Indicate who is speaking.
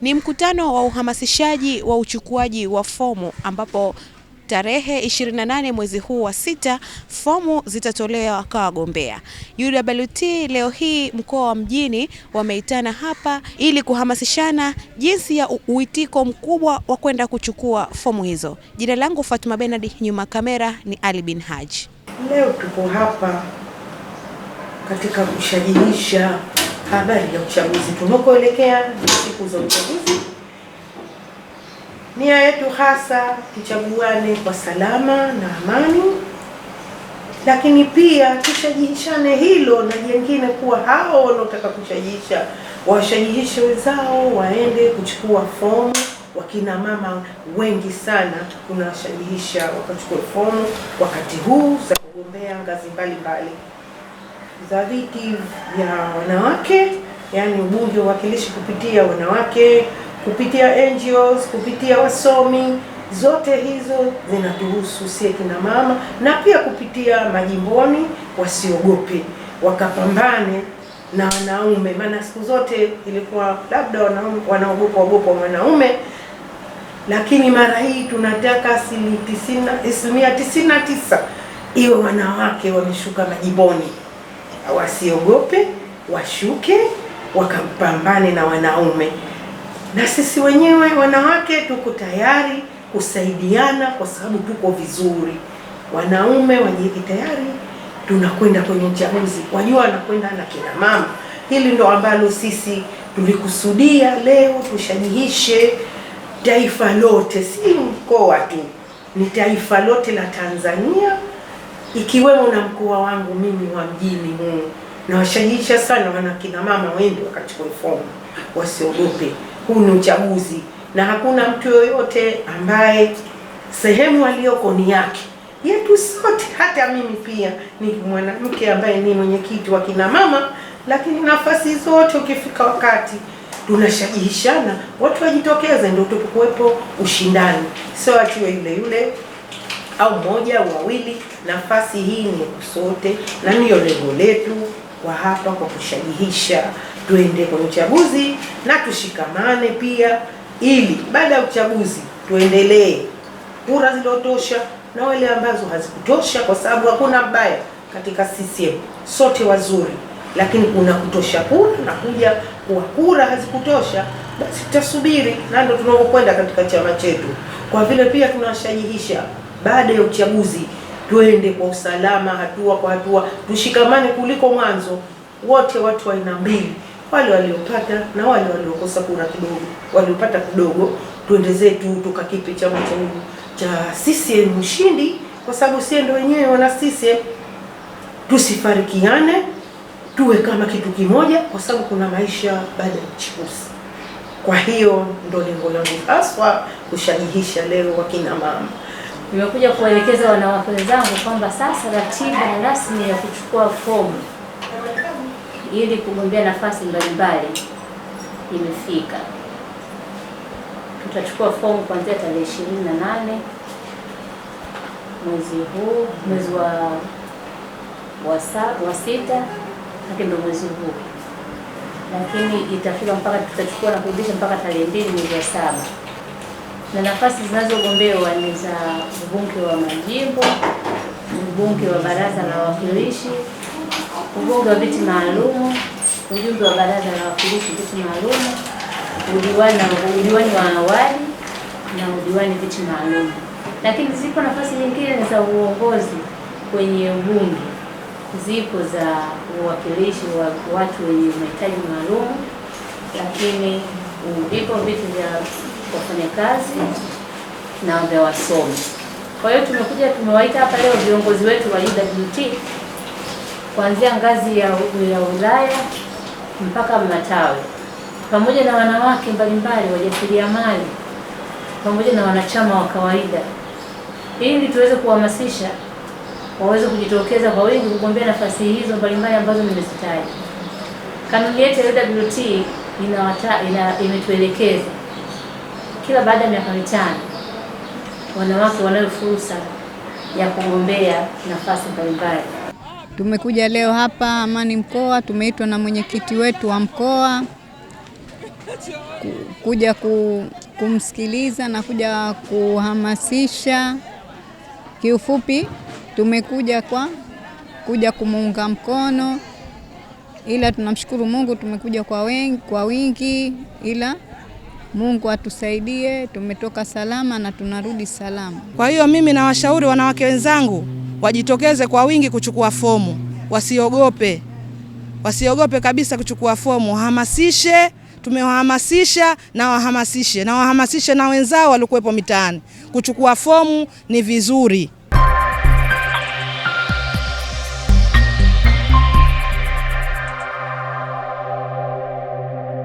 Speaker 1: Ni mkutano wa uhamasishaji wa uchukuaji wa fomu ambapo tarehe 28 mwezi huu wa sita fomu zitatolewa kwa wagombea. UWT leo hii mkoa wa mjini wameitana hapa ili kuhamasishana jinsi ya uitiko mkubwa wa kwenda kuchukua fomu hizo. Jina langu Fatuma Benard, nyuma kamera ni Ali bin Haji.
Speaker 2: Leo tuko hapa katika kushajihisha habari ya uchaguzi tunakoelekea, ni siku za uchaguzi. Nia yetu hasa tuchaguane kwa salama na amani, lakini pia tushajihishane hilo na jengine kuwa hao wanaotaka kushajihisha washajihishe wenzao waende kuchukua fomu. Wakina mama wengi sana tunawashajihisha wakachukua fomu wakati huu za kugombea ngazi mbalimbali za viti vya wanawake, yani ubunge, uwakilishi kupitia wanawake, kupitia NGOs, kupitia wasomi, zote hizo zinatuhusu sie kina mama, na pia kupitia majimboni, wasiogope wakapambane na wanaume, maana siku zote ilikuwa labda wanaume wanaogopa ogopa mwanaume, lakini mara hii tunataka asilimia tisini na tisa iwe wanawake wameshuka majimboni wasiogope, washuke wakapambane na wanaume. Na sisi wenyewe wanawake tuko tayari kusaidiana kwa sababu tuko vizuri. Wanaume wajiweke tayari, tunakwenda kwenye uchaguzi, wajua wanakwenda na kina mama. Hili ndo ambalo sisi tulikusudia leo tushajihishe taifa lote, si mkoa tu, ni taifa lote la Tanzania ikiwemo na mkoa wangu mimi wa mjini huu, na sana wana kina mama wengi wakachukua fomu, wasiogope. Huu ni uchaguzi, na hakuna mtu yoyote ambaye sehemu aliyoko ni yake yetu sote. Hata mimi pia ni mwanamke ambaye ni mwenyekiti wa kina mama, lakini nafasi zote ukifika wakati tunashajihishana, watu wajitokeze, ndio tukuwepo ushindani, sio atiwe yule yule au moja au wawili. Nafasi hii ni sote na ndiyo lengo letu kwa hapa, kwa kushajihisha tuende kwenye uchaguzi na tushikamane pia, ili baada ya uchaguzi tuendelee kura zilizotosha na wale ambazo hazikutosha, kwa sababu hakuna mbaya katika CCM, sote wazuri, lakini kuna kutosha kura na kuja kuwa kura hazikutosha, basi tutasubiri, na ndio tunapokwenda katika chama chetu, kwa vile pia tunashajihisha baada ya uchaguzi twende kwa usalama, hatua kwa hatua, tushikamane kuliko mwanzo. Wote watu wa aina mbili, wale waliopata na wale waliokosa kura kidogo, waliopata kidogo, tuendezee tu tukakipe chama cha cha CCM mshindi, kwa sababu sie ndio wenyewe wana CCM. Tusifarikiane, tuwe kama kitu kimoja, kwa sababu kuna maisha baada ya uchaguzi. Kwa hiyo ndo lengo langu haswa kushajihisha leo wakina mama
Speaker 3: nimekuja kuwaelekeza wanawake wenzangu kwamba sasa ratiba rasmi ya kuchukua fomu ili kugombea nafasi mbalimbali imefika. Tutachukua fomu kuanzia tarehe ishirini na nane mwezi huu mwezi wa wa sita hadi ndo mwezi huu, lakini itafika mpaka tutachukua na kurudisha mpaka tarehe mbili mwezi wa saba na nafasi zinazogombewa ni za ubunge wa majimbo, ubunge wa baraza la wawakilishi, ubunge wa viti maalumu, ujumbe wa baraza la wawakilishi viti maalumu, udiwani, udiwani wa awali na udiwani viti maalum Lakini zipo nafasi nyingine za uongozi kwenye ubunge, zipo za uwakilishi wa watu wenye mahitaji maalum lakini ndipo vitu vya kazi na vya wasomi. Kwa hiyo tumekuja tumewaita hapa leo viongozi wetu wa UWT kuanzia ngazi ya, ya wilaya mpaka matawi pamoja na wanawake mbalimbali wajasiriamali pamoja na wanachama wa kawaida ili tuweze kuhamasisha waweze kujitokeza kwa wingi kugombea nafasi hizo mbalimbali ambazo nimezitaja. Kanuni yetu ya UWT imetuelekeza kila baada ya miaka mitano wanawake wanayo fursa ya kugombea nafasi mbalimbali.
Speaker 4: Tumekuja leo hapa Amani mkoa, tumeitwa na mwenyekiti wetu wa mkoa kuja kumsikiliza na kuja kuhamasisha. Kiufupi, tumekuja kwa kuja kumuunga mkono, ila tunamshukuru Mungu tumekuja kwa wengi, kwa wingi ila Mungu atusaidie, tumetoka salama na tunarudi salama.
Speaker 5: Kwa hiyo mimi nawashauri wanawake wenzangu wajitokeze kwa wingi kuchukua fomu, wasiogope, wasiogope kabisa kuchukua fomu, wahamasishe tumewahamasisha na wahamasishe na wahamasishe na wenzao walikuwepo mitaani. Kuchukua fomu ni vizuri.